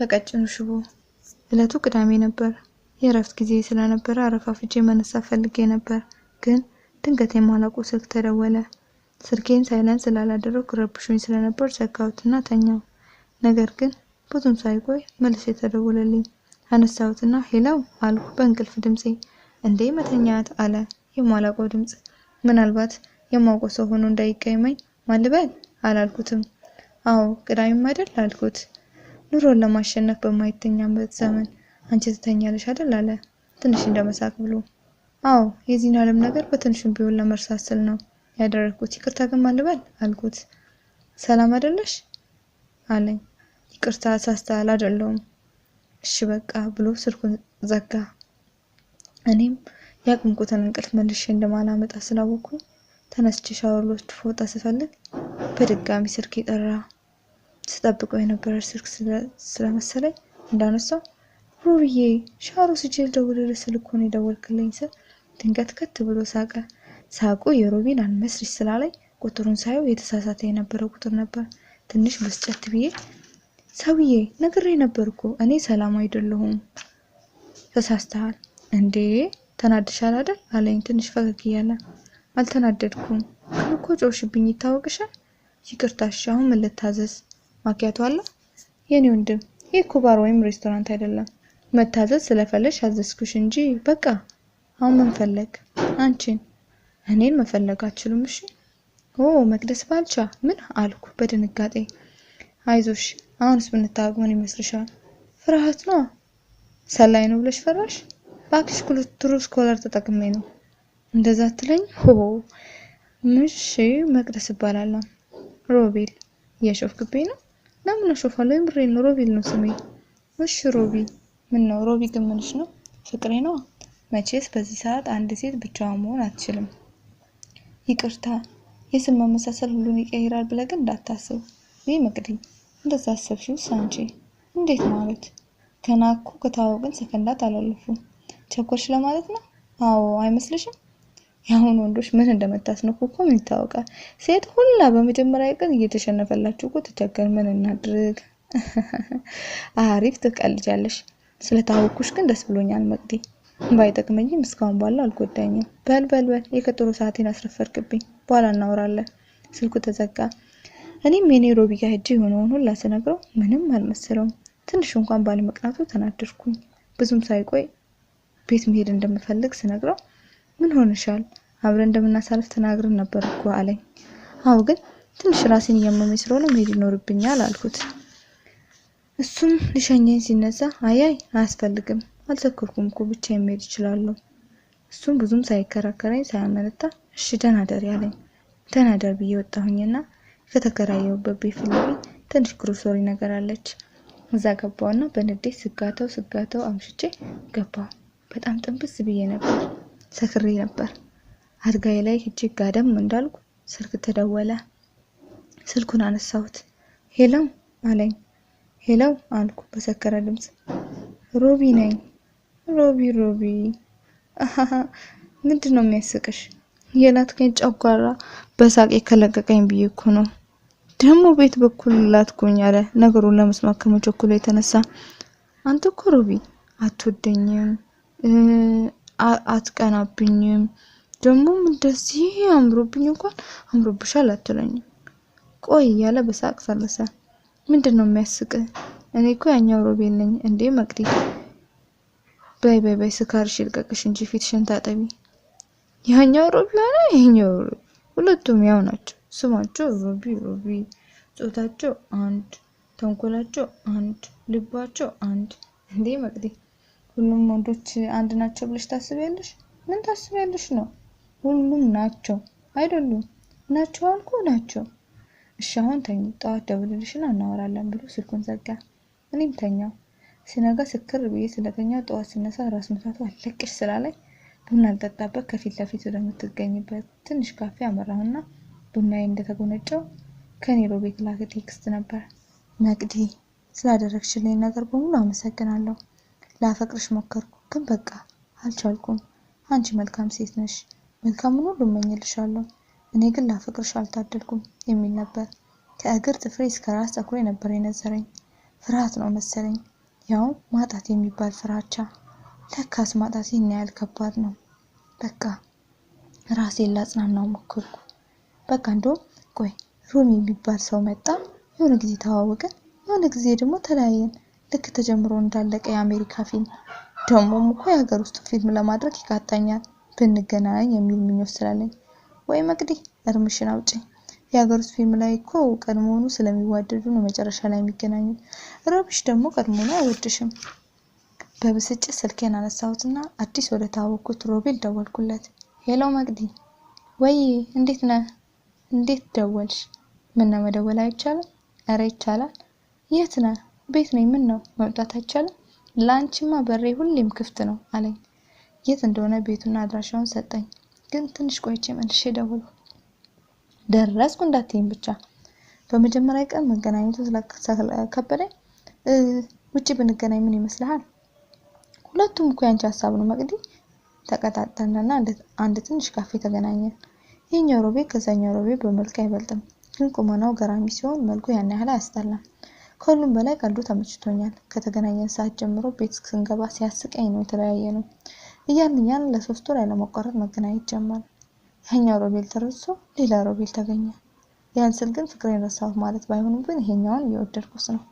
በቀጭኑ ሽቦ። እለቱ ቅዳሜ ነበር። የእረፍት ጊዜ ስለነበረ አረፋፍጄ መነሳት ፈልጌ ነበር፣ ግን ድንገት የማላውቀው ስልክ ተደወለ። ስልኬን ሳይለንት ስላላደረኩ ረብሹኝ ስለነበር ዘጋሁትና ተኛው። ነገር ግን ብዙም ሳይቆይ መልስ ተደወለልኝ አነሳሁትና ሄለው አልኩ በእንቅልፍ ድምፄ። እንዴ መተኛት አለ የማላውቀው ድምፅ። ምናልባት የማውቀው ሰው ሆኖ እንዳይቀየመኝ ማልበል አላልኩትም። አዎ ቅዳሜም አይደል አልኩት። ኑሮን ለማሸነፍ በማይተኛበት ዘመን አንቺ ትተኛለሽ አይደል አለ ትንሽ እንደመሳቅ ብሎ። አዎ የዚህን ዓለም ነገር በትንሹም ቢሆን ለመርሳት ስል ነው ያደረግኩት። ይቅርታ ግን ማልበል አልኩት። ሰላም አይደለሽ አለኝ። ይቅርታ ሳስተሃል አይደለሁም። እሺ በቃ ብሎ ስልኩን ዘጋ። እኔም ያቅምቁትን እንቅልፍ መልሼ እንደማላመጣ ስላወቅኩኝ ተነስቼ ሻወር ልወስድ ፎጣ ስፈልግ በድጋሚ ስልክ ይጠራ። ስጠብቀው የነበረ ስልክ ስለመሰለኝ እንዳነሳው ሮብዬ ሻሮ ስጀል ደውልልህ ስል እኮ የደወልክልኝ ስል ድንገት ከት ብሎ ሳቀ። ሳቁ የሮቢን አልመስልሽ ስላለኝ ቁጥሩን ሳየው የተሳሳተ የነበረ ቁጥር ነበር። ትንሽ ብስጨት ብዬ ሰውዬ ነግሬ ነበርኩ እኮ እኔ ሰላም አይደለሁም ተሳስተሃል። እንዴ ተናድሻል አይደል አለኝ ትንሽ ፈገግ እያለ። አልተናደድኩም ግን እኮ ጮሽብኝ ይታወቅሻል። ይቅርታሽ አሁን ምን ልታዘዝ ማኪያቶ አለ? የኔ ወንድም ይህ እኮ ባር ወይም ሬስቶራንት አይደለም። መታዘዝ ስለፈለሽ አዘዝኩሽ እንጂ በቃ አሁን መንፈለግ አንቺን እኔን መፈለግ አችሉም። እሺ ኦ መቅደስ ባልቻ ምን አልኩ በድንጋጤ። አይዞሽ አሁንስ ብንታወቅ ምን ይመስልሻል? ፍርሃት ነው ሰላይ ነው ብለሽ ፈራሽ? ባክሽ ኩሉትሩ ስኮለር ተጠቅሜ ነው እንደዛ ትለኝ። ሆ ምሽ መቅደስ እባላለሁ። ሮቤል የሾፍ ግቤ ነው ለምን አሾፋለሁ? የምሬን ነው። ሮቢል ነው ስሜ። እሺ ሮቢ። ምን ነው ሮቢ ግምንሽ ነው? ፍቅሬ ነው። መቼስ በዚህ ሰዓት አንድ ሴት ብቻዋን መሆን አትችልም። ይቅርታ፣ የስም መመሳሰል ሁሉን ይቀይራል ብለህ ግን እንዳታስብ። ይህ መቅዲ፣ እንደዛ አሰብሽው ሳንቺ። እንዴት ማለት ገና እኮ ከታወቅን ሰከንዳት አላለፉም። ቸኮልሽ ለማለት ነው? አዎ አይመስልሽም? የአሁኑ ወንዶች ምን እንደምታስነኩ እኮ ምን ይታወቃል። ሴት ሁላ በመጀመሪያ ቀን እየተሸነፈላችሁ እኮ ተቸገር። ምን እናድርግ? አሪፍ ትቀልጃለሽ። ስለታወኩሽ ግን ደስ ብሎኛል መቅዲ። ባይጠቅመኝም እስካሁን ባለ አልጎዳኝም። በል በል በል የቀጠሮ ሰዓቴን አስረፈርክብኝ። በኋላ እናወራለን። ስልኩ ተዘጋ። እኔም የኔሮቢ ጋር ሄጄ የሆነውን ሁላ ስነግረው ምንም አልመሰለውም። ትንሽ እንኳን ባለመቅናቱ ተናደድኩኝ። ብዙም ሳይቆይ ቤት መሄድ እንደምፈልግ ስነግረው ምን ሆንሻል? አብረን እንደምናሳልፍ ተናግረን ነበር እኮ አለኝ። አዎ፣ ግን ትንሽ ራሴን እያመመኝ ስለሆነ መሄድ ይኖርብኛል አልኩት። እሱም ሊሸኘኝ ሲነሳ አያይ አያስፈልግም፣ አልተከርኩም እኮ ብቻ የመሄድ ይችላለሁ እሱም ብዙም ሳይከራከረኝ ሳያመነታ እሺ ደህና ደር ያለኝ። ደህና ደር ብዬ ወጣሁኝና ከተከራየሁበት ቤት ፊት ለፊት ትንሽ ግሮሰሪ ነገር አለች። እዛ ገባውና በንዴት ስጋተው ስጋተው አምሽቼ ገባሁ። በጣም ጥንብስ ብዬ ነበር። ሰክሬ ነበር። አድጋዬ ላይ እጅግ ጋደም እንዳልኩ ስልክ ተደወለ። ስልኩን አነሳሁት። ሄለው አለኝ። ሄለው አልኩ በሰከረ ድምፅ። ሮቢ ነኝ። ሮቢ ሮቢ፣ ምንድን ነው የሚያስቅሽ? የላትከኝ ጨጓራ በሳቅ የከለቀቀኝ ብዬ እኮ ነው። ደግሞ ቤት በኩል ላትኩኝ አለ፣ ነገሩን ለመስማት ከመቸኩሎ የተነሳ። አንተ እኮ ሮቢ አትወደኝም አትቀናብኝም። ደግሞም እንደዚህ አምሮብኝ እንኳን አምሮብሻል አትለኝም። ቆይ እያለ በሳቅ ፈለሰ። ምንድን ነው የሚያስቅ? እኔ እኮ ያኛው ሮቤል ነኝ እንዴ መቅዲ። በይ በይ በይ ስካርሽ ይልቀቅሽ እንጂ ፊትሽን ታጠቢ። ያኛው ሮቢ ሆነ ይህኛው ሮቢ ሁለቱም ያው ናቸው። ስማቸው ሮቢ ሮቢ፣ ጾታቸው አንድ፣ ተንኮላቸው አንድ፣ ልባቸው አንድ። እንዴ መቅዲ ሁሉም ወንዶች አንድ ናቸው ብለሽ ታስቢያለሽ? ምን ታስቢያለሽ ነው? ሁሉም ናቸው አይደሉም። ናቸው አልኩ ናቸው። እሺ አሁን ተኙ፣ ጠዋት ደውልልሽና እናወራለን ብሎ ስልኩን ዘጋ። እኔም ተኛው። ሲነጋ ስክር ብዬ ስለተኛው ጠዋት ስነሳ ራስ ምታቱ አለቅሽ ስላለኝ ቡና አልጠጣበት ከፊት ለፊት ወደምትገኝበት ትንሽ ካፌ አመራሁና ቡናዬ እንደተጎነጨው ከኔሮ ቤት ላከ ቴክስት ነበር። መቅዲ ስላደረግሽልኝ ነገር በሙሉ አመሰግናለሁ። ላፈቅርሽ ሞከርኩ ግን በቃ አልቻልኩም። አንቺ መልካም ሴት ነሽ፣ መልካሙን ሁሉ እመኝልሻለሁ፣ እኔ ግን ላፈቅርሽ አልታደልኩም የሚል ነበር። ከእግር ጥፍሬ እስከ ራስ ፀጉሬ ነበር የነዘረኝ። ፍርሃት ነው መሰለኝ፣ ያውም ማጣት የሚባል ፍራቻ። ለካስ ማጣት ይህን ያህል ከባድ ነው። በቃ ራሴን ላጽናናው ሞከርኩ። በቃ እንደውም ቆይ ሮም የሚባል ሰው መጣ፣ የሆነ ጊዜ ተዋወቅን፣ የሆነ ጊዜ ደግሞ ተለያየን። ልክ ተጀምሮ እንዳለቀ የአሜሪካ ፊልም ደግሞም እኮ የሀገር ውስጥ ፊልም ለማድረግ ይቃጣኛል ብንገናኝ የሚል ምኞት ስላለኝ ወይ መቅዲ እርምሽን አውጪ። የሀገር ውስጥ ፊልም ላይ እኮ ቀድሞውኑ ስለሚዋደዱ ነው መጨረሻ ላይ የሚገናኙት። ረብሽ ደግሞ ቀድሞውኑ አይወድሽም። በብስጭት ስልኬን አነሳሁትና አዲስ ወደ ታወቅኩት ሮቤል ደወልኩለት። ሄሎ መቅዲ፣ ወይ እንዴት ነ? እንዴት ደወልሽ? ምነው መደወል አይቻልም? እረ ይቻላል። የት ነህ? ቤት ነኝ። ምን ነው መምጣት አይቻልም? ለአንቺማ በሬ ሁሌም ክፍት ነው አለኝ። የት እንደሆነ ቤቱና አድራሻውን ሰጠኝ። ግን ትንሽ ቆይቼ መልሼ ደውሉ ደረስኩ እንዳትይኝ ብቻ። በመጀመሪያ ቀን መገናኘቱ ስለከበደኝ ውጭ ብንገናኝ ምን ይመስልሃል? ሁለቱም እኮ ያንቺ ሀሳብ ነው መቅዲ። ተቀጣጠልንና አንድ ትንሽ ካፌ ተገናኘን። ይህኛው ሮቤ ከዛኛው ሮቤ በመልክ አይበልጥም፣ ግን ቁመናው ገራሚ ሲሆን መልኩ ያን ያህል አያስጠላም። ከሁሉም በላይ ቀልዱ ተመችቶኛል። ከተገናኘን ሰዓት ጀምሮ ቤት ስንገባ ሲያስቀኝ ነው የተለያየ ነው። እያን እያን ለሶስት ወር ያለመቋረጥ መገናኘት ጀመር። ይሄኛው ሮቤል ተረሶ ሌላ ሮቤል ተገኘ። ያን ስል ግን ፍቅሬን ረሳሁት ማለት ባይሆንም ግን ይሄኛውን እየወደድኩት ነው።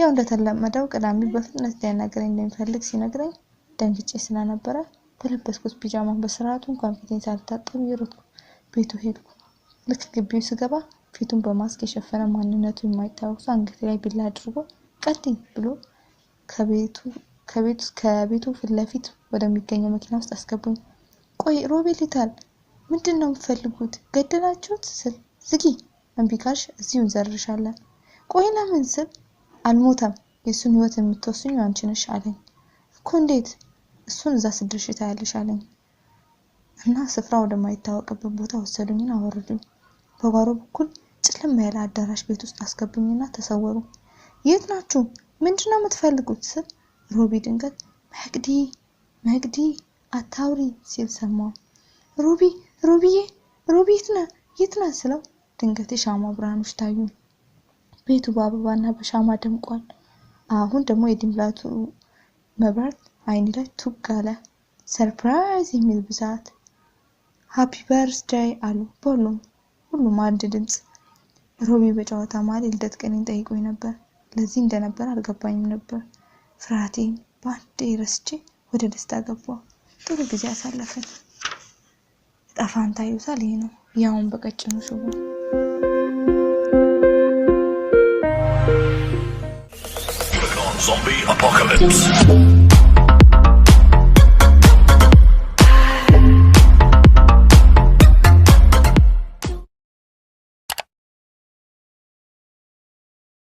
ያው እንደተለመደው ቅዳሜ በፍጥነት ሊያናገረኝ እንደሚፈልግ ሲነግረኝ ደንግጬ ስለነበረ በለበስኩት ፒጃማ በስርዓቱ እንኳን ፊቴን ሳልታጠብ የሮጥኩ ቤቱ ሄድኩ። ልክ ግቢው ስገባ ፊቱን በማስክ የሸፈነ ማንነቱ የማይታወቅ ሰው አንገት ላይ ቢላ አድርጎ ቀጥይ ብሎ ከቤቱ ፊት ለፊት ወደሚገኘው መኪና ውስጥ አስገቡኝ። ቆይ ሮቤል ይታል ምንድን ነው የምትፈልጉት? ገደላችሁት ስል ዝጊ፣ እምቢ ካልሽ እዚሁ እንዘርሻለን። ቆይ ለምን ስል አልሞተም፣ የእሱን ህይወት የምትወስኙ አንቺ ነሽ አለኝ። እኮ እንዴት? እሱን እዛ ስድርሽ ታያለሽ አለኝ እና ስፍራ ወደማይታወቅበት ቦታ ወሰዱኝን አወረዱኝ። በጓሮ በኩል ጭልም ያለ አዳራሽ ቤት ውስጥ አስገቡኝና ተሰወሩ። የት ናችሁ? ምንድን ነው የምትፈልጉት? ስል ሮቢ ድንገት መግዲ መግዲ አታውሪ ሲል ሰማው። ሮቢ ሮቢዬ ሮቢ የት የት ስለው ድንገት የሻማ ብርሃኖች ታዩ። ቤቱ በአበባና በሻማ ደምቋል። አሁን ደግሞ የዲምላቱ መብራት አይን ላይ ቱግ አለ። ሰርፕራይዝ የሚል ብዛት። ሃፒ በርስዳይ አሉ በሁሉም ሁሉም አንድ ድምፅ ሮቤ በጨዋታ መሃል የልደት ቀኔን ጠይቆኝ ነበር። ለዚህ እንደነበር አልገባኝም ነበር። ፍርሃቴን በአንዴ ረስቼ ወደ ደስታ ገባሁ። ጥሩ ጊዜ አሳለፍን። እጣ ፋንታ ይሉታል ይሄ ነው ያውን በቀጭኑ ሽቦ Zombie apocalypse.